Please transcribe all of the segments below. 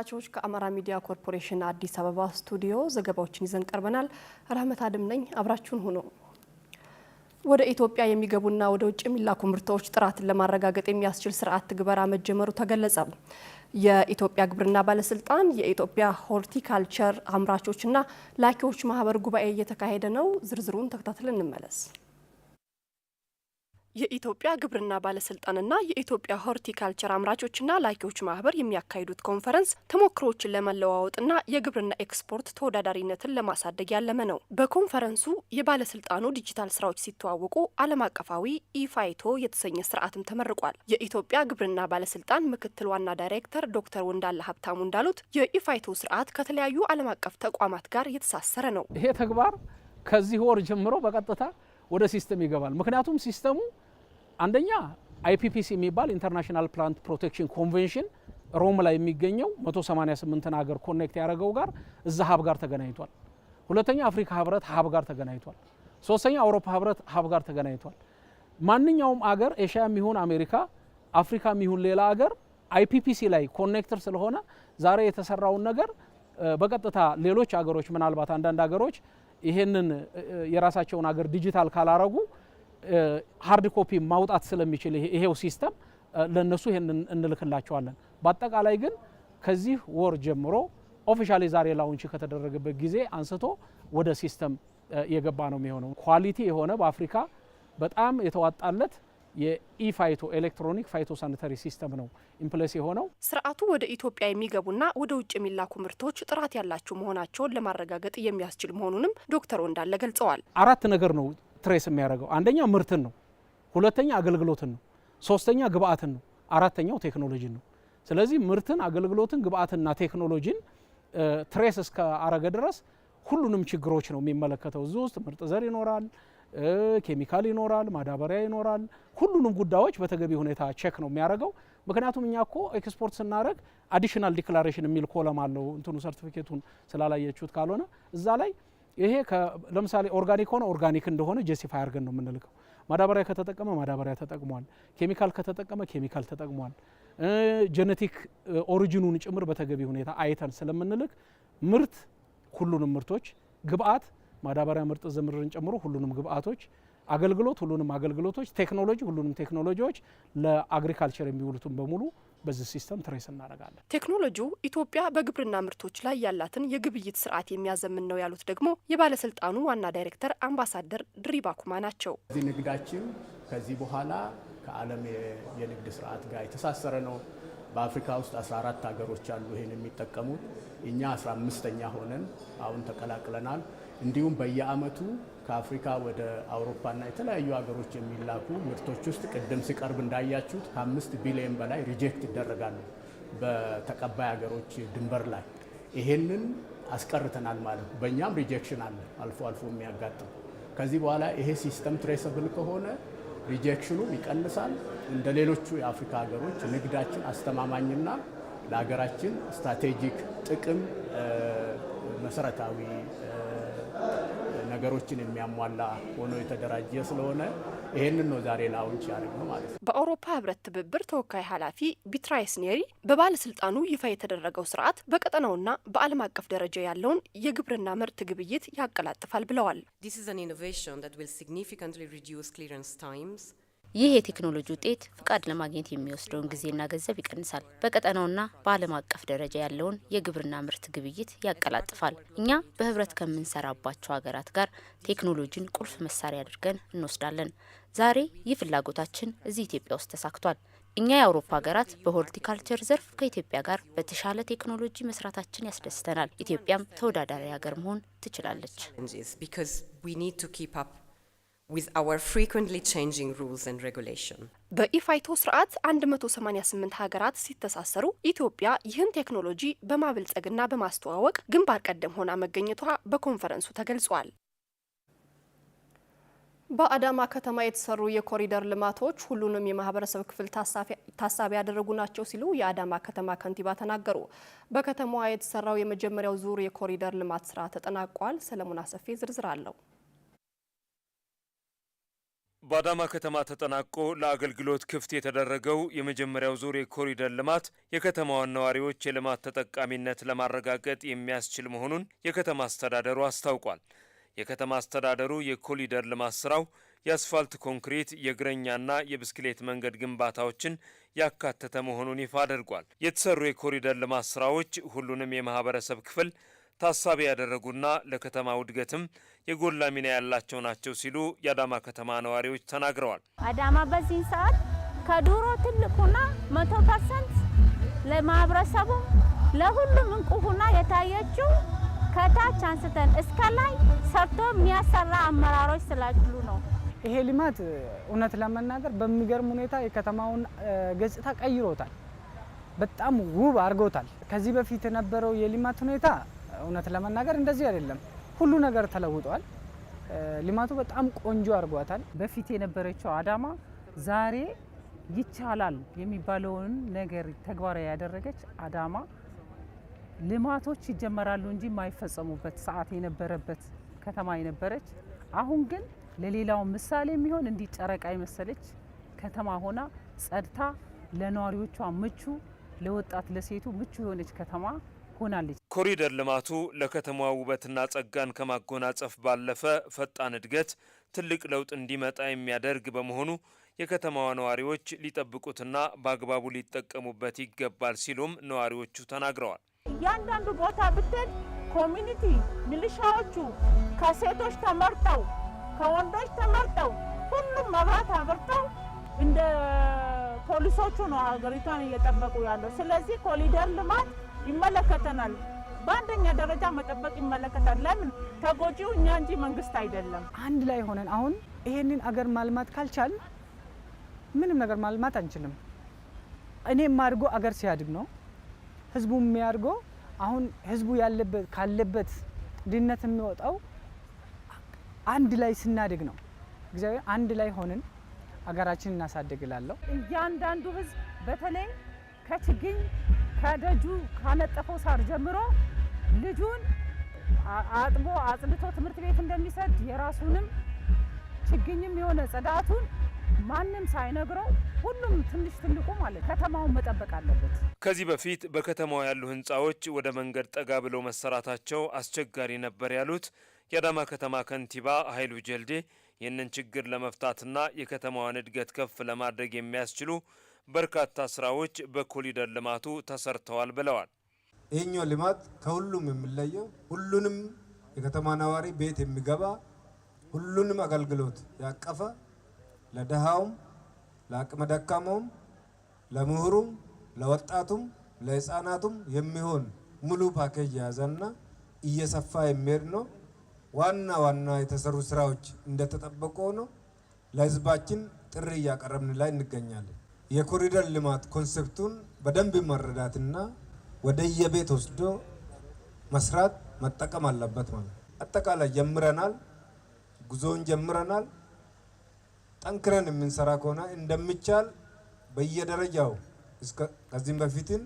ተመልካቾች ከአማራ ሚዲያ ኮርፖሬሽን አዲስ አበባ ስቱዲዮ ዘገባዎችን ይዘን ቀርበናል። ረህመት አድም ነኝ፣ አብራችሁን ሁኑ። ወደ ኢትዮጵያ የሚገቡና ወደ ውጭ የሚላኩ ምርቶች ጥራትን ለማረጋገጥ የሚያስችል ስርዓት ትግበራ መጀመሩ ተገለጸ። የኢትዮጵያ ግብርና ባለስልጣን የኢትዮጵያ ሆርቲካልቸር አምራቾችና ላኪዎች ማህበር ጉባኤ እየተካሄደ ነው። ዝርዝሩን ተከታትለን እንመለስ። የኢትዮጵያ ግብርና ባለስልጣንና የኢትዮጵያ ሆርቲካልቸር አምራቾችና ላኪዎች ማህበር የሚያካሂዱት ኮንፈረንስ ተሞክሮዎችን ለመለዋወጥና የግብርና ኤክስፖርት ተወዳዳሪነትን ለማሳደግ ያለመ ነው። በኮንፈረንሱ የባለስልጣኑ ዲጂታል ስራዎች ሲተዋወቁ ዓለም አቀፋዊ ኢፋይቶ የተሰኘ ስርዓትም ተመርቋል። የኢትዮጵያ ግብርና ባለስልጣን ምክትል ዋና ዳይሬክተር ዶክተር ወንዳለ ሀብታሙ እንዳሉት የኢፋይቶ ስርዓት ከተለያዩ ዓለም አቀፍ ተቋማት ጋር የተሳሰረ ነው። ይሄ ተግባር ከዚህ ወር ጀምሮ በቀጥታ ወደ ሲስተም ይገባል። ምክንያቱም ሲስተሙ አንደኛ አይፒፒሲ የሚባል ኢንተርናሽናል ፕላንት ፕሮቴክሽን ኮንቬንሽን ሮም ላይ የሚገኘው 188ን ሀገር ኮኔክት ያደረገው ጋር እዛ ሀብ ጋር ተገናኝቷል። ሁለተኛ አፍሪካ ህብረት ሀብ ጋር ተገናኝቷል። ሶስተኛ አውሮፓ ህብረት ሀብ ጋር ተገናኝቷል። ማንኛውም አገር ኤሽያ የሚሆን አሜሪካ፣ አፍሪካ የሚሆን ሌላ አገር አይፒፒሲ ላይ ኮኔክተር ስለሆነ ዛሬ የተሰራውን ነገር በቀጥታ ሌሎች አገሮች ምናልባት አንዳንድ አገሮች ይሄንን የራሳቸውን ሀገር ዲጂታል ካላረጉ ሀርድ ኮፒ ማውጣት ስለሚችል ይሄው ሲስተም ለእነሱ ይሄንን እንልክላቸዋለን። በአጠቃላይ ግን ከዚህ ወር ጀምሮ ኦፊሻሊ ዛሬ ላውንች ከተደረገበት ጊዜ አንስቶ ወደ ሲስተም የገባ ነው የሚሆነው። ኳሊቲ የሆነ በአፍሪካ በጣም የተዋጣለት የኢፋይቶ ኤሌክትሮኒክ ፋይቶ ሳኒተሪ ሲስተም ነው ኢምፕለስ የሆነው። ስርዓቱ ወደ ኢትዮጵያ የሚገቡና ወደ ውጭ የሚላኩ ምርቶች ጥራት ያላቸው መሆናቸውን ለማረጋገጥ የሚያስችል መሆኑንም ዶክተር እንዳለ ገልጸዋል። አራት ነገር ነው ትሬስ የሚያደርገው። አንደኛ ምርትን ነው፣ ሁለተኛ አገልግሎትን ነው፣ ሶስተኛ ግብአትን ነው፣ አራተኛው ቴክኖሎጂን ነው። ስለዚህ ምርትን፣ አገልግሎትን፣ ግብአትና ቴክኖሎጂን ትሬስ እስከ አረገ ድረስ ሁሉንም ችግሮች ነው የሚመለከተው። እዚህ ውስጥ ምርጥ ዘር ይኖራል። ኬሚካል ይኖራል፣ ማዳበሪያ ይኖራል። ሁሉንም ጉዳዮች በተገቢ ሁኔታ ቼክ ነው የሚያደርገው። ምክንያቱም እኛ ኮ ኤክስፖርት ስናደረግ አዲሽናል ዲክላሬሽን የሚል ኮለም አለው እንትኑ ሰርቲፊኬቱን ስላላየችሁት ካልሆነ እዛ ላይ ይሄ ለምሳሌ ኦርጋኒክ ሆነ ኦርጋኒክ እንደሆነ ጀስቲፋይ አድርገን ነው የምንልከው። ማዳበሪያ ከተጠቀመ ማዳበሪያ ተጠቅሟል፣ ኬሚካል ከተጠቀመ ኬሚካል ተጠቅሟል፣ ጄኔቲክ ኦሪጂኑን ጭምር በተገቢ ሁኔታ አይተን ስለምንልክ ምርት ሁሉንም ምርቶች ግብአት ማዳበሪያ፣ ምርጥ ዝምርን ጨምሮ ሁሉንም ግብአቶች አገልግሎት ሁሉንም አገልግሎቶች ቴክኖሎጂ ሁሉንም ቴክኖሎጂዎች ለአግሪካልቸር የሚውሉትን በሙሉ በዚህ ሲስተም ትሬስ እናደርጋለን። ቴክኖሎጂው ኢትዮጵያ በግብርና ምርቶች ላይ ያላትን የግብይት ስርዓት የሚያዘምን ነው ያሉት ደግሞ የባለስልጣኑ ዋና ዳይሬክተር አምባሳደር ድሪባ ኩማ ናቸው። እዚህ ንግዳችን ከዚህ በኋላ ከዓለም የንግድ ስርዓት ጋር የተሳሰረ ነው። በአፍሪካ ውስጥ 14 ሀገሮች አሉ ይህን የሚጠቀሙት። እኛ 15ኛ ሆነን አሁን ተቀላቅለናል። እንዲሁም በየአመቱ ከአፍሪካ ወደ አውሮፓና የተለያዩ ሀገሮች የሚላኩ ምርቶች ውስጥ ቅድም ሲቀርብ እንዳያችሁት ከአምስት ቢሊዮን በላይ ሪጀክት ይደረጋሉ በተቀባይ ሀገሮች ድንበር ላይ። ይሄንን አስቀርተናል ማለት ነው። በእኛም ሪጀክሽን አለ አልፎ አልፎ የሚያጋጥም። ከዚህ በኋላ ይሄ ሲስተም ትሬሰብል ከሆነ ሪጀክሽኑም ይቀንሳል። እንደ ሌሎቹ የአፍሪካ ሀገሮች ንግዳችን አስተማማኝና ለሀገራችን ስትራቴጂክ ጥቅም መሰረታዊ ነገሮችን የሚያሟላ ሆኖ የተደራጀ ስለሆነ ይህንን ነው ዛሬ ላውንች ነው ማለት ነው። በአውሮፓ ህብረት ትብብር ተወካይ ኃላፊ ቢትራይስ ኔሪ በባለስልጣኑ ይፋ የተደረገው ስርዓት በቀጠናውና በዓለም አቀፍ ደረጃ ያለውን የግብርና ምርት ግብይት ያቀላጥፋል ብለዋል። ይህ የቴክኖሎጂ ውጤት ፍቃድ ለማግኘት የሚወስደውን ጊዜና ገንዘብ ይቀንሳል። በቀጠናውና በዓለም አቀፍ ደረጃ ያለውን የግብርና ምርት ግብይት ያቀላጥፋል። እኛ በህብረት ከምንሰራባቸው ሀገራት ጋር ቴክኖሎጂን ቁልፍ መሳሪያ አድርገን እንወስዳለን። ዛሬ ይህ ፍላጎታችን እዚህ ኢትዮጵያ ውስጥ ተሳክቷል። እኛ የአውሮፓ ሀገራት በሆርቲካልቸር ዘርፍ ከኢትዮጵያ ጋር በተሻለ ቴክኖሎጂ መስራታችን ያስደስተናል። ኢትዮጵያም ተወዳዳሪ ሀገር መሆን ትችላለች። with our frequently changing rules and regulation በኢፋይቶ ስርዓት 188 ሀገራት ሲተሳሰሩ ኢትዮጵያ ይህን ቴክኖሎጂ በማበልጸግና በማስተዋወቅ ግንባር ቀደም ሆና መገኘቷ በኮንፈረንሱ ተገልጿል። በአዳማ ከተማ የተሰሩ የኮሪደር ልማቶች ሁሉንም የማህበረሰብ ክፍል ታሳቢ ያደረጉ ናቸው ሲሉ የአዳማ ከተማ ከንቲባ ተናገሩ። በከተማዋ የተሰራው የመጀመሪያው ዙር የኮሪደር ልማት ስራ ተጠናቋል። ሰለሞን አሰፌ ዝርዝር አለው። በአዳማ ከተማ ተጠናቆ ለአገልግሎት ክፍት የተደረገው የመጀመሪያው ዙር የኮሪደር ልማት የከተማዋን ነዋሪዎች የልማት ተጠቃሚነት ለማረጋገጥ የሚያስችል መሆኑን የከተማ አስተዳደሩ አስታውቋል። የከተማ አስተዳደሩ የኮሪደር ልማት ስራው የአስፋልት ኮንክሪት፣ የእግረኛና የብስክሌት መንገድ ግንባታዎችን ያካተተ መሆኑን ይፋ አድርጓል። የተሰሩ የኮሪደር ልማት ስራዎች ሁሉንም የማህበረሰብ ክፍል ታሳቢ ያደረጉና ለከተማ ውድገትም የጎላ ሚና ያላቸው ናቸው ሲሉ የአዳማ ከተማ ነዋሪዎች ተናግረዋል። አዳማ በዚህ ሰዓት ከዱሮ ትልቁና መቶ ፐርሰንት ለማህበረሰቡ ለሁሉም እንቁ ሆና የታየችው ከታች አንስተን እስከ ላይ ሰርቶ የሚያሰራ አመራሮች ስላሉ ነው። ይሄ ልማት እውነት ለመናገር በሚገርም ሁኔታ የከተማውን ገጽታ ቀይሮታል። በጣም ውብ አድርጎታል። ከዚህ በፊት የነበረው የልማት ሁኔታ እውነት ለመናገር እንደዚህ አይደለም። ሁሉ ነገር ተለውጧል። ልማቱ በጣም ቆንጆ አድርጓታል። በፊት የነበረችው አዳማ ዛሬ ይቻላል የሚባለውን ነገር ተግባራዊ ያደረገች አዳማ ልማቶች ይጀመራሉ እንጂ የማይፈጸሙበት ሰዓት የነበረበት ከተማ የነበረች፣ አሁን ግን ለሌላው ምሳሌ የሚሆን እንዲህ ጨረቃ የመሰለች ከተማ ሆና ጸድታ ለነዋሪዎቿ ምቹ ለወጣት ለሴቱ ምቹ የሆነች ከተማ ሆናለች። ኮሪደር ልማቱ ለከተማዋ ውበትና ጸጋን ከማጎናጸፍ ባለፈ ፈጣን እድገት ትልቅ ለውጥ እንዲመጣ የሚያደርግ በመሆኑ የከተማዋ ነዋሪዎች ሊጠብቁትና በአግባቡ ሊጠቀሙበት ይገባል ሲሉም ነዋሪዎቹ ተናግረዋል። እያንዳንዱ ቦታ ብትሄድ ኮሚኒቲ ሚሊሻዎቹ ከሴቶች ተመርጠው ከወንዶች ተመርጠው ሁሉም መብራት አብርተው እንደ ፖሊሶቹ ነው ሀገሪቷን እየጠበቁ ያለው። ስለዚህ ኮሪደር ልማት ይመለከተናል። በአንደኛ ደረጃ መጠበቅ ይመለከታል። ለምን ተጎጂው እኛ እንጂ መንግስት አይደለም። አንድ ላይ ሆነን አሁን ይሄንን አገር ማልማት ካልቻል ምንም ነገር ማልማት አንችልም። እኔ የማድርጎ አገር ሲያድግ ነው ህዝቡ የሚያድርገው። አሁን ህዝቡ ያለበት ካለበት ድህነት የሚወጣው አንድ ላይ ስናድግ ነው። እግዚአብሔር አንድ ላይ ሆንን አገራችን እናሳድግላለሁ። እያንዳንዱ ህዝብ በተለይ ከችግኝ ከደጁ ካነጠፈው ሳር ጀምሮ ልጁን አጥቦ አጽድቶ ትምህርት ቤት እንደሚሰድ የራሱንም ችግኝም የሆነ ጽዳቱን ማንም ሳይነግረው ሁሉም ትንሽ ትልቁ ማለት ከተማውን መጠበቅ አለበት። ከዚህ በፊት በከተማው ያሉ ህንፃዎች ወደ መንገድ ጠጋ ብለው መሰራታቸው አስቸጋሪ ነበር ያሉት የአዳማ ከተማ ከንቲባ ኃይሉ ጀልዴ ይህንን ችግር ለመፍታትና የከተማዋን እድገት ከፍ ለማድረግ የሚያስችሉ በርካታ ስራዎች በኮሊደር ልማቱ ተሰርተዋል ብለዋል። ይህኛው ልማት ከሁሉም የሚለየው ሁሉንም የከተማ ነዋሪ ቤት የሚገባ ሁሉንም አገልግሎት ያቀፈ ለደሃውም፣ ለአቅመ ደካማውም፣ ለምሁሩም፣ ለወጣቱም፣ ለህፃናቱም የሚሆን ሙሉ ፓኬጅ የያዘና እየሰፋ የሚሄድ ነው። ዋና ዋና የተሰሩ ስራዎች እንደተጠበቁ ሆኖ ለህዝባችን ጥሪ እያቀረብን ላይ እንገኛለን። የኮሪደር ልማት ኮንሴፕቱን በደንብ መረዳትና ወደ የቤት ወስዶ መስራት መጠቀም አለበት ማለት አጠቃላይ ጀምረናል፣ ጉዞውን ጀምረናል። ጠንክረን የምንሰራ ከሆነ እንደሚቻል በየደረጃው ከዚህም በፊትን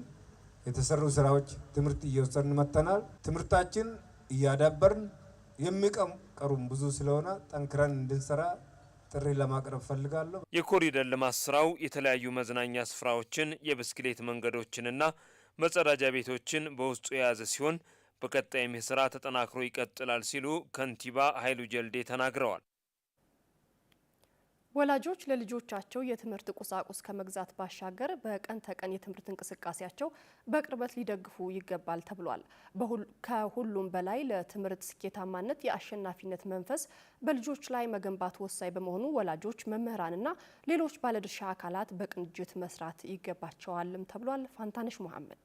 የተሰሩ ስራዎች ትምህርት እየወሰድን መጥተናል። ትምህርታችን እያዳበርን የሚቀሩም ብዙ ስለሆነ ጠንክረን እንድንሰራ ጥሪ ለማቅረብ ፈልጋለሁ። የኮሪደር ልማት ስራው የተለያዩ መዝናኛ ስፍራዎችን፣ የብስክሌት መንገዶችንና መጸዳጃ ቤቶችን በውስጡ የያዘ ሲሆን በቀጣይም የስራ ተጠናክሮ ይቀጥላል ሲሉ ከንቲባ ኃይሉ ጀልዴ ተናግረዋል። ወላጆች ለልጆቻቸው የትምህርት ቁሳቁስ ከመግዛት ባሻገር በቀን ተቀን የትምህርት እንቅስቃሴያቸው በቅርበት ሊደግፉ ይገባል ተብሏል። ከሁሉም በላይ ለትምህርት ስኬታማነት የአሸናፊነት መንፈስ በልጆች ላይ መገንባት ወሳኝ በመሆኑ ወላጆች፣ መምህራንና ሌሎች ባለድርሻ አካላት በቅንጅት መስራት ይገባቸዋልም ተብሏል። ፋንታነሽ መሐመድ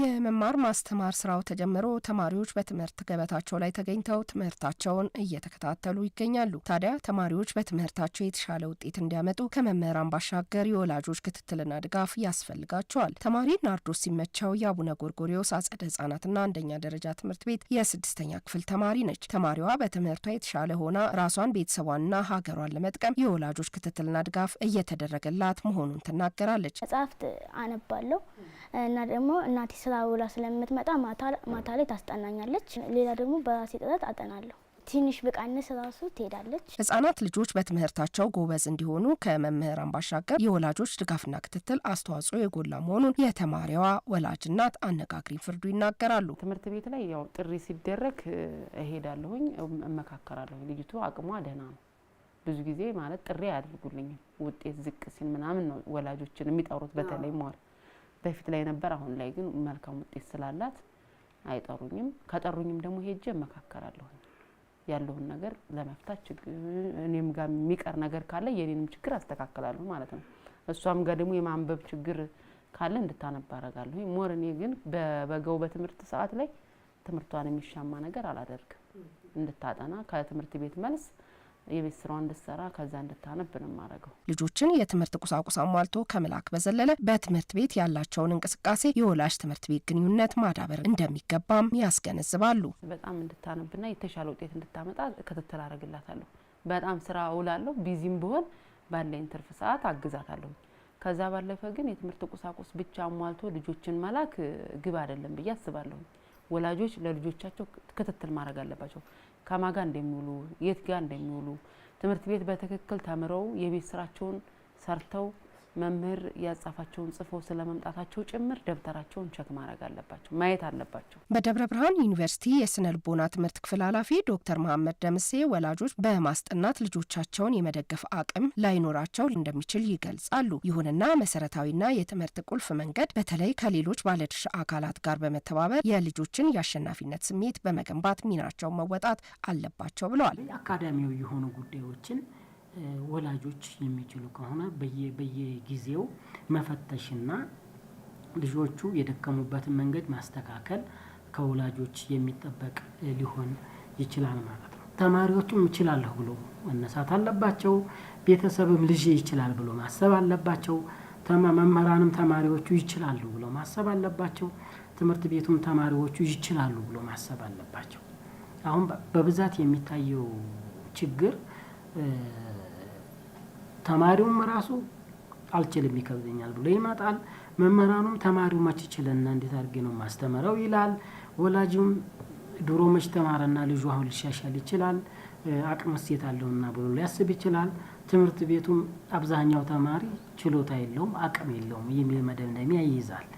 የመማር ማስተማር ስራው ተጀምሮ ተማሪዎች በትምህርት ገበታቸው ላይ ተገኝተው ትምህርታቸውን እየተከታተሉ ይገኛሉ። ታዲያ ተማሪዎች በትምህርታቸው የተሻለ ውጤት እንዲያመጡ ከመምህራን ባሻገር የወላጆች ክትትልና ድጋፍ ያስፈልጋቸዋል። ተማሪ ናርዶስ ሲመቸው የአቡነ ጎርጎሪዎስ አጸደ ህጻናትና አንደኛ ደረጃ ትምህርት ቤት የስድስተኛ ክፍል ተማሪ ነች። ተማሪዋ በትምህርቷ የተሻለ ሆና ራሷን ቤተሰቧንና ሀገሯን ለመጥቀም የወላጆች ክትትልና ድጋፍ እየተደረገላት መሆኑን ትናገራለች። መጽሐፍት አነባለሁ እና ደግሞ እናቴ ስራ ውላ ስለምትመጣ ማታ ላይ ታስጠናኛለች። ሌላ ደግሞ በራሴ ጥረት አጠናለሁ። ትንሽ ብቃነስ ራሱ ትሄዳለች። ህጻናት ልጆች በትምህርታቸው ጎበዝ እንዲሆኑ ከመምህራን ባሻገር የወላጆች ድጋፍና ክትትል አስተዋጽኦ የጎላ መሆኑን የተማሪዋ ወላጅ እናት አነጋግሪ ፍርዱ ይናገራሉ። ትምህርት ቤት ላይ ያው ጥሪ ሲደረግ እሄዳለሁኝ፣ እመካከራለሁ። ልጅቱ አቅሟ ደህና ነው። ብዙ ጊዜ ማለት ጥሪ አያደርጉልኝም። ውጤት ዝቅ ሲል ምናምን ነው ወላጆችን የሚጠሩት በተለይ ሞር በፊት ላይ ነበር። አሁን ላይ ግን መልካም ውጤት ስላላት አይጠሩኝም። ከጠሩኝም ደግሞ ሄጄ እመካከራለሁ ያለውን ነገር ለመፍታት እኔም ጋር የሚቀር ነገር ካለ የኔንም ችግር አስተካክላለሁ ማለት ነው። እሷም ጋር ደግሞ የማንበብ ችግር ካለ እንድታነብ አደርጋለሁ። ሞር እኔ ግን በበገው በትምህርት ሰዓት ላይ ትምህርቷን የሚሻማ ነገር አላደርግም። እንድታጠና ከትምህርት ቤት መልስ የቤት ስራዋ እንድትሰራ ከዛ እንድታነብ ነው የማደርገው። ልጆችን የትምህርት ቁሳቁስ አሟልቶ ከመላክ በዘለለ በትምህርት ቤት ያላቸውን እንቅስቃሴ የወላጅ ትምህርት ቤት ግንኙነት ማዳበር እንደሚገባም ያስገነዝባሉ። በጣም እንድታነብና የተሻለ ውጤት እንድታመጣ ክትትል አደርግላታለሁ። በጣም ስራ እውላለሁ። ቢዚም ብሆን ባለኝ ትርፍ ሰዓት አግዛታለሁ። ከዛ ባለፈ ግን የትምህርት ቁሳቁስ ብቻ አሟልቶ ልጆችን መላክ ግብ አይደለም ብዬ አስባለሁ። ወላጆች ለልጆቻቸው ክትትል ማድረግ አለባቸው። ከማን ጋር እንደሚውሉ፣ የት ጋር እንደሚውሉ፣ ትምህርት ቤት በትክክል ተምረው የቤት ስራቸውን ሰርተው መምህር ያጻፋቸውን ጽፎ ስለመምጣታቸው ጭምር ደብተራቸውን ቸክ ማድረግ አለባቸው፣ ማየት አለባቸው። በደብረ ብርሃን ዩኒቨርሲቲ የስነ ልቦና ትምህርት ክፍል ኃላፊ ዶክተር መሀመድ ደምሴ ወላጆች በማስጠናት ልጆቻቸውን የመደገፍ አቅም ላይኖራቸው እንደሚችል ይገልጻሉ። ይሁንና መሰረታዊና የትምህርት ቁልፍ መንገድ በተለይ ከሌሎች ባለድርሻ አካላት ጋር በመተባበር የልጆችን የአሸናፊነት ስሜት በመገንባት ሚናቸው መወጣት አለባቸው ብለዋል። አካዳሚው የሆኑ ጉዳዮችን ወላጆች የሚችሉ ከሆነ በየጊዜው መፈተሽና ልጆቹ የደከሙበትን መንገድ ማስተካከል ከወላጆች የሚጠበቅ ሊሆን ይችላል ማለት ነው። ተማሪዎቹም ይችላለሁ ብሎ መነሳት አለባቸው። ቤተሰብም ልጅ ይችላል ብሎ ማሰብ አለባቸው። መምህራንም ተማሪዎቹ ይችላሉ ብሎ ማሰብ አለባቸው። ትምህርት ቤቱም ተማሪዎቹ ይችላሉ ብሎ ማሰብ አለባቸው። አሁን በብዛት የሚታየው ችግር ተማሪውም ራሱ አልችልም ይከብደኛል ብሎ ይመጣል። መምህራኑም ተማሪው መች ይችልና እንዴት አድርጌ ነው ማስተምረው ይላል። ወላጅም ድሮ መች ተማረና ልጁ አሁን ሊሻሻል ይችላል አቅም ሴት አለውና ብሎ ሊያስብ ይችላል። ትምህርት ቤቱም አብዛኛው ተማሪ ችሎታ የለውም አቅም የለውም የሚል መደምደሚያ ይይዛል።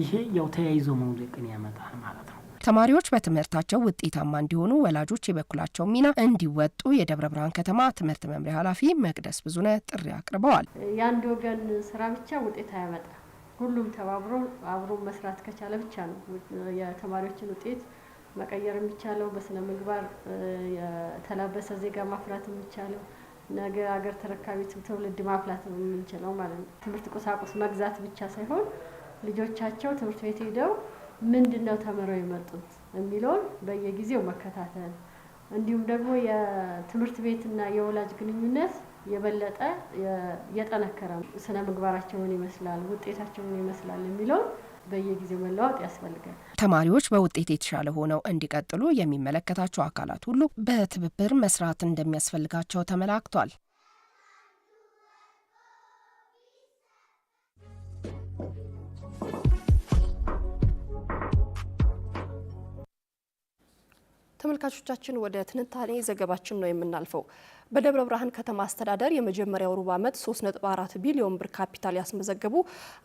ይሄ ያው ተያይዞ መውደቅን ያመጣል ማለት ነው። ተማሪዎች በትምህርታቸው ውጤታማ እንዲሆኑ ወላጆች የበኩላቸው ሚና እንዲወጡ የደብረ ብርሃን ከተማ ትምህርት መምሪያ ኃላፊ መቅደስ ብዙነ ጥሪ አቅርበዋል። የአንድ ወገን ስራ ብቻ ውጤት አያመጣ። ሁሉም ተባብሮ አብሮ መስራት ከቻለ ብቻ ነው የተማሪዎችን ውጤት መቀየር የሚቻለው በስነ ምግባር የተላበሰ ዜጋ ማፍራት የሚቻለው ነገ አገር ተረካቢ ትውልድ ማፍላት ነው የምንችለው ማለት ነው። ትምህርት ቁሳቁስ መግዛት ብቻ ሳይሆን ልጆቻቸው ትምህርት ቤት ሄደው ምንድን ነው ተምረው የመጡት የሚለውን በየጊዜው መከታተል እንዲሁም ደግሞ የትምህርት ቤትና የወላጅ ግንኙነት የበለጠ የጠነከረ ስነ ምግባራቸውን ይመስላል፣ ውጤታቸውን ይመስላል የሚለውን በየጊዜው መለዋወጥ ያስፈልጋል። ተማሪዎች በውጤት የተሻለ ሆነው እንዲቀጥሉ የሚመለከታቸው አካላት ሁሉ በትብብር መስራት እንደሚያስፈልጋቸው ተመላክቷል። ተመልካቾቻችን ወደ ትንታኔ ዘገባችን ነው የምናልፈው። በደብረ ብርሃን ከተማ አስተዳደር የመጀመሪያው ሩብ ዓመት 3.4 ቢሊዮን ብር ካፒታል ያስመዘገቡ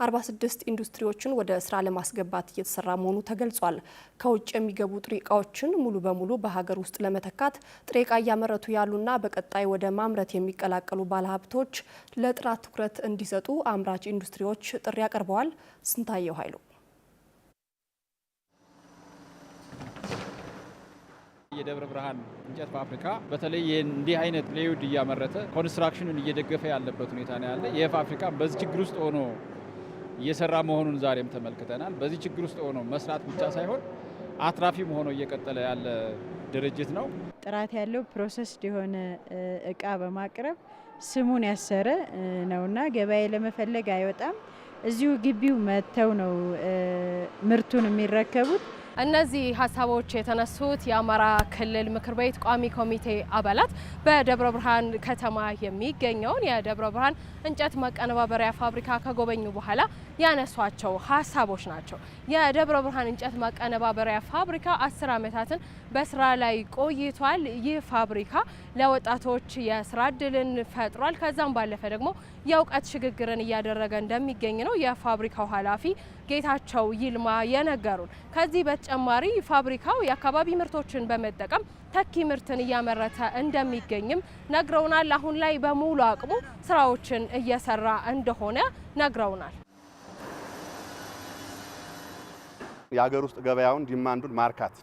46 ኢንዱስትሪዎችን ወደ ስራ ለማስገባት እየተሰራ መሆኑ ተገልጿል። ከውጭ የሚገቡ ጥሬ እቃዎችን ሙሉ በሙሉ በሀገር ውስጥ ለመተካት ጥሬ እቃ እያመረቱ ያሉና በቀጣይ ወደ ማምረት የሚቀላቀሉ ባለሀብቶች ለጥራት ትኩረት እንዲሰጡ አምራች ኢንዱስትሪዎች ጥሪ አቅርበዋል። ስንታየው ኃይሉ የደብረ ብርሃን እንጨት ፋብሪካ በተለይ እንዲህ አይነት ፕሌይውድ እያመረተ ኮንስትራክሽኑን እየደገፈ ያለበት ሁኔታ ነው ያለ። ይህ ፋብሪካ በዚህ ችግር ውስጥ ሆኖ እየሰራ መሆኑን ዛሬም ተመልክተናል። በዚህ ችግር ውስጥ ሆኖ መስራት ብቻ ሳይሆን አትራፊም ሆኖ እየቀጠለ ያለ ድርጅት ነው። ጥራት ያለው ፕሮሰስ የሆነ እቃ በማቅረብ ስሙን ያሰረ ነውና ገበያ ለመፈለግ አይወጣም። እዚሁ ግቢው መጥተው ነው ምርቱን የሚረከቡት። እነዚህ ሀሳቦች የተነሱት የአማራ ክልል ምክር ቤት ቋሚ ኮሚቴ አባላት በደብረ ብርሃን ከተማ የሚገኘውን የደብረ ብርሃን እንጨት ማቀነባበሪያ ፋብሪካ ከጎበኙ በኋላ ያነሷቸው ሀሳቦች ናቸው። የደብረ ብርሃን እንጨት ማቀነባበሪያ ፋብሪካ አስር ዓመታትን በስራ ላይ ቆይቷል። ይህ ፋብሪካ ለወጣቶች የስራ እድልን ፈጥሯል። ከዛም ባለፈ ደግሞ የእውቀት ሽግግርን እያደረገ እንደሚገኝ ነው የፋብሪካው ኃላፊ ጌታቸው ይልማ የነገሩን። ከዚህ በተጨማሪ ፋብሪካው የአካባቢ ምርቶችን በመጠቀም ተኪ ምርትን እያመረተ እንደሚገኝም ነግረውናል። አሁን ላይ በሙሉ አቅሙ ስራዎችን እየሰራ እንደሆነ ነግረውናል። የሀገር ውስጥ ገበያውን ዲማንዱን ማርካት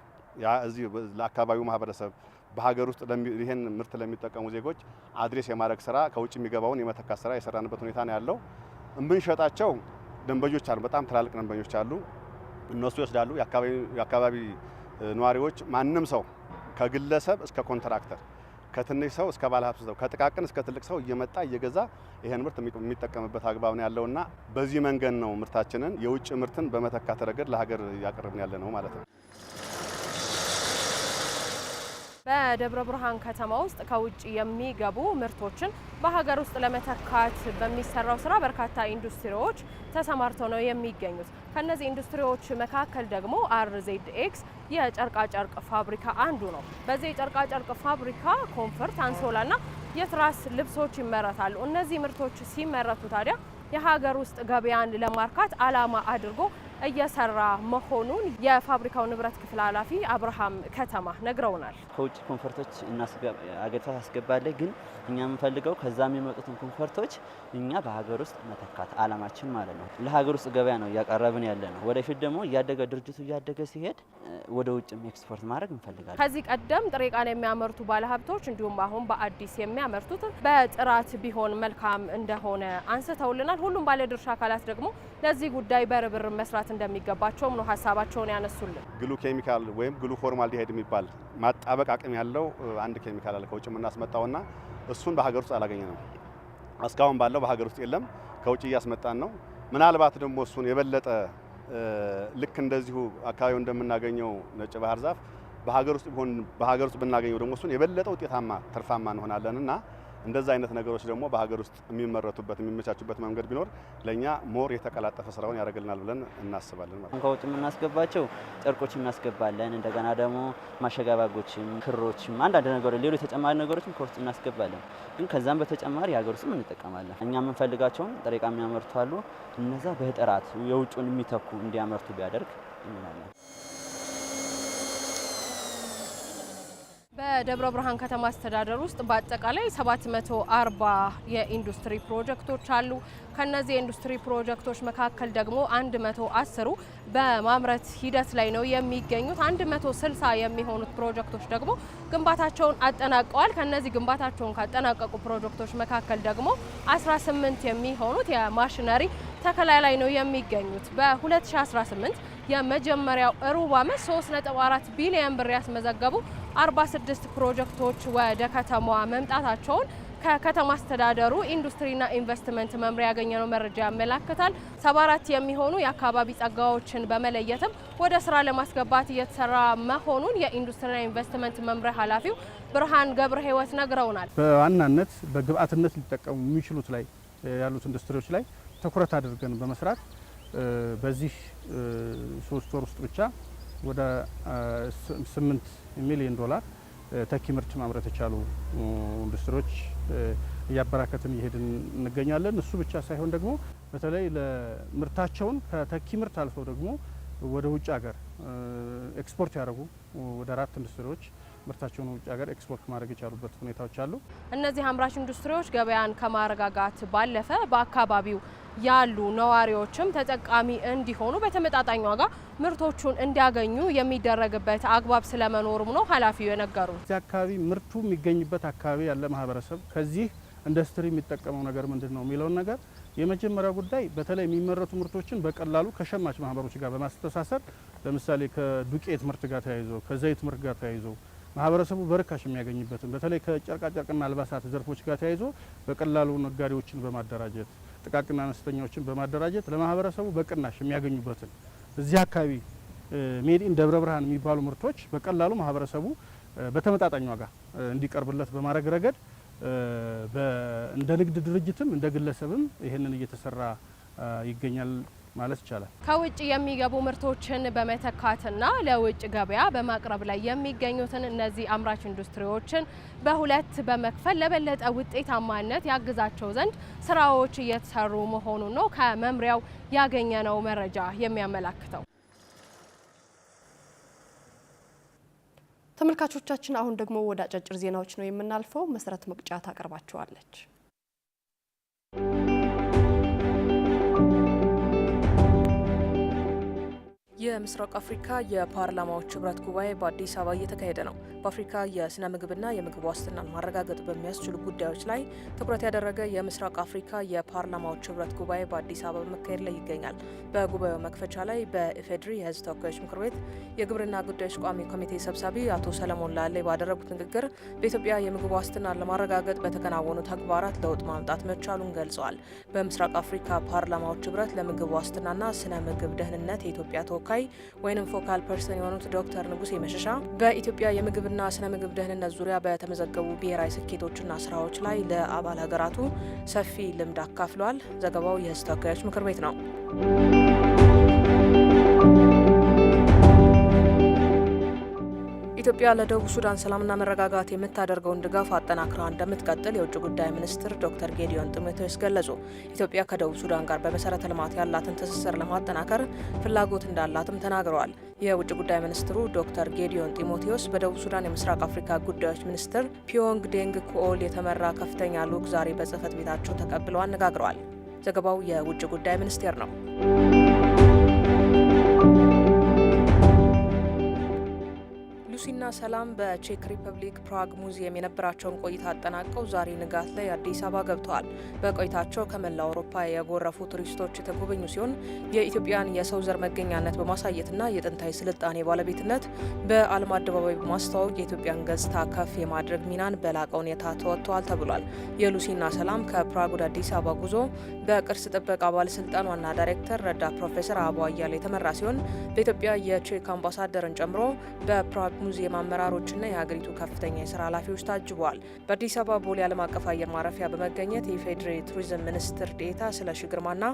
እዚህ ለአካባቢው ማህበረሰብ በሀገር ውስጥ ይህን ምርት ለሚጠቀሙ ዜጎች አድሬስ የማድረግ ስራ ከውጭ የሚገባውን የመተካት ስራ የሰራንበት ሁኔታ ነው ያለው። እምንሸጣቸው ደንበኞች አሉ፣ በጣም ትላልቅ ደንበኞች አሉ። እነሱ ይወስዳሉ። የአካባቢ ነዋሪዎች ማንም ሰው ከግለሰብ እስከ ኮንትራክተር ከትንሽ ሰው እስከ ባለሀብት ሰው ከጥቃቅን እስከ ትልቅ ሰው እየመጣ እየገዛ ይሄን ምርት የሚጠቀምበት አግባብ ነው ያለውና በዚህ መንገድ ነው ምርታችንን የውጭ ምርትን በመተካት ረገድ ለሀገር እያቀረብን ያለ ነው ማለት ነው። በደብረ ብርሃን ከተማ ውስጥ ከውጭ የሚገቡ ምርቶችን በሀገር ውስጥ ለመተካት በሚሰራው ስራ በርካታ ኢንዱስትሪዎች ተሰማርተው ነው የሚገኙት። ከነዚህ ኢንዱስትሪዎች መካከል ደግሞ አርዜድ ኤክስ የጨርቃጨርቅ ፋብሪካ አንዱ ነው። በዚህ የጨርቃጨርቅ ፋብሪካ ኮንፈርት፣ አንሶላና የትራስ ልብሶች ይመረታሉ። እነዚህ ምርቶች ሲመረቱ ታዲያ የሀገር ውስጥ ገበያን ለማርካት አላማ አድርጎ እየሰራ መሆኑን የፋብሪካው ንብረት ክፍል ኃላፊ አብርሃም ከተማ ነግረውናል። ከውጭ ኮንፈርቶች አገሪቷ ታስገባለች፣ ግን እኛ የምንፈልገው ከዛ የሚመጡትን ኮንፈርቶች እኛ በሀገር ውስጥ መተካት አላማችን ማለት ነው። ለሀገር ውስጥ ገበያ ነው እያቀረብን ያለ ነው። ወደፊት ደግሞ እያደገ ድርጅቱ እያደገ ሲሄድ ወደ ውጭም ኤክስፖርት ማድረግ እንፈልጋለን። ከዚህ ቀደም ጥሬ ዕቃን የሚያመርቱ ባለሀብቶች እንዲሁም አሁን በአዲስ የሚያመርቱት በጥራት ቢሆን መልካም እንደሆነ አንስተውልናል። ሁሉም ባለድርሻ አካላት ደግሞ ለዚህ ጉዳይ በርብር መስራት መጠጣት እንደሚገባቸውም ነው ሀሳባቸውን ያነሱልን። ግሉ ኬሚካል ወይም ግሉ ፎርማልዲሄድ የሚባል ማጣበቅ አቅም ያለው አንድ ኬሚካል አለ ከውጭ የምናስመጣውና እሱን በሀገር ውስጥ አላገኘ ነው እስካሁን ባለው በሀገር ውስጥ የለም። ከውጭ እያስመጣን ነው። ምናልባት ደግሞ እሱን የበለጠ ልክ እንደዚሁ አካባቢው እንደምናገኘው ነጭ ባህር ዛፍ በሀገር ውስጥ ቢሆን በሀገር ውስጥ ብናገኘው ደግሞ እሱን የበለጠ ውጤታማ ትርፋማ እንሆናለን እና እንደዛ አይነት ነገሮች ደግሞ በሀገር ውስጥ የሚመረቱበት የሚመቻቹበት መንገድ ቢኖር ለእኛ ሞር የተቀላጠፈ ስራውን ያደርግልናል ብለን እናስባለን። ማለት ከውጭ የምናስገባቸው ጨርቆች እናስገባለን። እንደገና ደግሞ ማሸጋባጎችም፣ ክሮችም፣ አንዳንድ ነገሮች፣ ሌሎች ተጨማሪ ነገሮችም ከውስጥ እናስገባለን። ግን ከዛም በተጨማሪ የሀገር ውስጥም እንጠቀማለን። እኛ የምንፈልጋቸውን ጥሬ የሚያመርቱ አሉ። እነዛ በጥራት የውጭውን የሚተኩ እንዲያመርቱ ቢያደርግ እንላለን። በደብረ ብርሃን ከተማ አስተዳደር ውስጥ በአጠቃላይ 740 የኢንዱስትሪ ፕሮጀክቶች አሉ። ከነዚህ የኢንዱስትሪ ፕሮጀክቶች መካከል ደግሞ 110ሩ በማምረት ሂደት ላይ ነው የሚገኙት። 160 የሚሆኑት ፕሮጀክቶች ደግሞ ግንባታቸውን አጠናቀዋል። ከነዚህ ግንባታቸውን ካጠናቀቁ ፕሮጀክቶች መካከል ደግሞ 18 የሚሆኑት የማሽነሪ ተከላይ ላይ ነው የሚገኙት። በ2018 የመጀመሪያው ሩብ ዓመት 3.4 ቢሊዮን ብር ያስመዘገቡ 46 ፕሮጀክቶች ወደ ከተማዋ መምጣታቸውን ከከተማ አስተዳደሩ ኢንዱስትሪና ኢንቨስትመንት መምሪያ ያገኘነው መረጃ ያመላክታል። 74 የሚሆኑ የአካባቢ ጸጋዎችን በመለየትም ወደ ስራ ለማስገባት እየተሰራ መሆኑን የኢንዱስትሪና ኢንቨስትመንት መምሪያ ኃላፊው ብርሃን ገብረ ሕይወት ነግረውናል። በዋናነት በግብአትነት ሊጠቀሙ የሚችሉት ላይ ያሉት ኢንዱስትሪዎች ላይ ትኩረት አድርገን በመስራት በዚህ ሶስት ወር ውስጥ ብቻ ወደ 8 ሚሊዮን ዶላር ተኪ ምርት ማምረት የቻሉ ኢንዱስትሪዎች እያበራከትን እየሄድን እንገኛለን። እሱ ብቻ ሳይሆን ደግሞ በተለይ ለምርታቸውን ከተኪ ምርት አልፈው ደግሞ ወደ ውጭ ሀገር ኤክስፖርት ያደረጉ ወደ አራት ኢንዱስትሪዎች ምርታቸውን ውጭ ሀገር ኤክስፖርት ማድረግ የቻሉበት ሁኔታዎች አሉ። እነዚህ አምራች ኢንዱስትሪዎች ገበያን ከማረጋጋት ባለፈ በአካባቢው ያሉ ነዋሪዎችም ተጠቃሚ እንዲሆኑ በተመጣጣኝ ዋጋ ምርቶቹን እንዲያገኙ የሚደረግበት አግባብ ስለመኖሩም ነው ኃላፊው የነገሩ። እዚህ አካባቢ ምርቱ የሚገኝበት አካባቢ ያለ ማህበረሰብ ከዚህ ኢንዱስትሪ የሚጠቀመው ነገር ምንድን ነው የሚለውን ነገር የመጀመሪያ ጉዳይ በተለይ የሚመረቱ ምርቶችን በቀላሉ ከሸማች ማህበሮች ጋር በማስተሳሰር ለምሳሌ ከዱቄት ምርት ጋር ተያይዞ ከዘይት ምርት ጋር ተያይዞ ማህበረሰቡ በርካሽ የሚያገኝበትን በተለይ ከጨርቃጨርቅና አልባሳት ዘርፎች ጋር ተያይዞ በቀላሉ ነጋዴዎችን በማደራጀት ጥቃቅንና አነስተኛዎችን በማደራጀት ለማህበረሰቡ በቅናሽ የሚያገኙበትን እዚህ አካባቢ ሜድ ኢን ደብረ ብርሃን የሚባሉ ምርቶች በቀላሉ ማህበረሰቡ በተመጣጣኝ ዋጋ እንዲቀርብለት በማድረግ ረገድ እንደ ንግድ ድርጅትም እንደ ግለሰብም ይህንን እየተሰራ ይገኛል። ማለት ይቻላል። ከውጭ የሚገቡ ምርቶችን በመተካትና ለውጭ ገበያ በማቅረብ ላይ የሚገኙትን እነዚህ አምራች ኢንዱስትሪዎችን በሁለት በመክፈል ለበለጠ ውጤታማነት ያግዛቸው ዘንድ ስራዎች እየተሰሩ መሆኑን ነው ከመምሪያው ያገኘነው መረጃ የሚያመላክተው። ተመልካቾቻችን አሁን ደግሞ ወደ አጫጭር ዜናዎች ነው የምናልፈው። መሰረት መቅጫ ታቀርባቸዋለች። የምስራቅ አፍሪካ የፓርላማዎች ህብረት ጉባኤ በአዲስ አበባ እየተካሄደ ነው። በአፍሪካ የስነ ምግብና የምግብ ዋስትናን ማረጋገጥ በሚያስችሉ ጉዳዮች ላይ ትኩረት ያደረገ የምስራቅ አፍሪካ የፓርላማዎች ህብረት ጉባኤ በአዲስ አበባ በመካሄድ ላይ ይገኛል። በጉባኤው መክፈቻ ላይ በኢፌድሪ የህዝብ ተወካዮች ምክር ቤት የግብርና ጉዳዮች ቋሚ ኮሚቴ ሰብሳቢ አቶ ሰለሞን ላሌ ባደረጉት ንግግር በኢትዮጵያ የምግብ ዋስትናን ለማረጋገጥ በተከናወኑ ተግባራት ለውጥ ማምጣት መቻሉን ገልጸዋል። በምስራቅ አፍሪካ ፓርላማዎች ህብረት ለምግብ ዋስትናና ስነ ምግብ ደህንነት የኢትዮጵያ ተወካይ ተወካይ ወይም ፎካል ፐርሰን የሆኑት ዶክተር ንጉሴ መሸሻ በኢትዮጵያ የምግብና ስነ ምግብ ደህንነት ዙሪያ በተመዘገቡ ብሔራዊ ስኬቶችና ስራዎች ላይ ለአባል ሀገራቱ ሰፊ ልምድ አካፍሏል። ዘገባው የህዝብ ተወካዮች ምክር ቤት ነው። ኢትዮጵያ ለደቡብ ሱዳን ሰላምና መረጋጋት የምታደርገውን ድጋፍ አጠናክራ እንደምትቀጥል የውጭ ጉዳይ ሚኒስትር ዶክተር ጌዲዮን ጢሞቴዎስ ገለጹ። ኢትዮጵያ ከደቡብ ሱዳን ጋር በመሰረተ ልማት ያላትን ትስስር ለማጠናከር ፍላጎት እንዳላትም ተናግረዋል። የውጭ ጉዳይ ሚኒስትሩ ዶክተር ጌዲዮን ጢሞቴዎስ በደቡብ ሱዳን የምስራቅ አፍሪካ ጉዳዮች ሚኒስትር ፒዮንግ ዴንግ ኮኦል የተመራ ከፍተኛ ልዑክ ዛሬ በጽህፈት ቤታቸው ተቀብለው አነጋግረዋል። ዘገባው የውጭ ጉዳይ ሚኒስቴር ነው። ሉሲና ሰላም በቼክ ሪፐብሊክ ፕራግ ሙዚየም የነበራቸውን ቆይታ አጠናቀው ዛሬ ንጋት ላይ አዲስ አበባ ገብተዋል። በቆይታቸው ከመላው አውሮፓ የጎረፉ ቱሪስቶች የተጎበኙ ሲሆን የኢትዮጵያን የሰው ዘር መገኛነት በማሳየትና የጥንታዊ ስልጣኔ ባለቤትነት በዓለም አደባባይ በማስተዋወቅ የኢትዮጵያን ገጽታ ከፍ የማድረግ ሚናን በላቀ ሁኔታ ተወጥተዋል ተብሏል። የሉሲና ሰላም ከፕራግ ወደ አዲስ አበባ ጉዞ በቅርስ ጥበቃ ባለስልጣን ዋና ዳይሬክተር ረዳት ፕሮፌሰር አበባው አያሌው የተመራ ሲሆን በኢትዮጵያ የቼክ አምባሳደርን ጨምሮ በፕራግ ሙዚየም አመራሮችና የሀገሪቱ ከፍተኛ የስራ ኃላፊዎች ታጅበዋል። በአዲስ አበባ ቦሌ ዓለም አቀፍ አየር ማረፊያ በመገኘት የፌዴሬ ቱሪዝም ሚኒስትር ዴታ ስለሺ ግርማና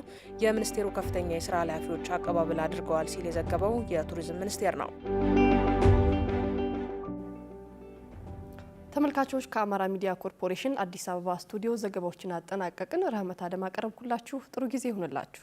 የሚኒስቴሩ ከፍተኛ የስራ ኃላፊዎች አቀባበል አድርገዋል ሲል የዘገበው የቱሪዝም ሚኒስቴር ነው። ተመልካቾች ከአማራ ሚዲያ ኮርፖሬሽን አዲስ አበባ ስቱዲዮ ዘገባዎችን አጠናቀቅን። ረህመት አደም አቀረብኩላችሁ። ጥሩ ጊዜ ይሁንላችሁ።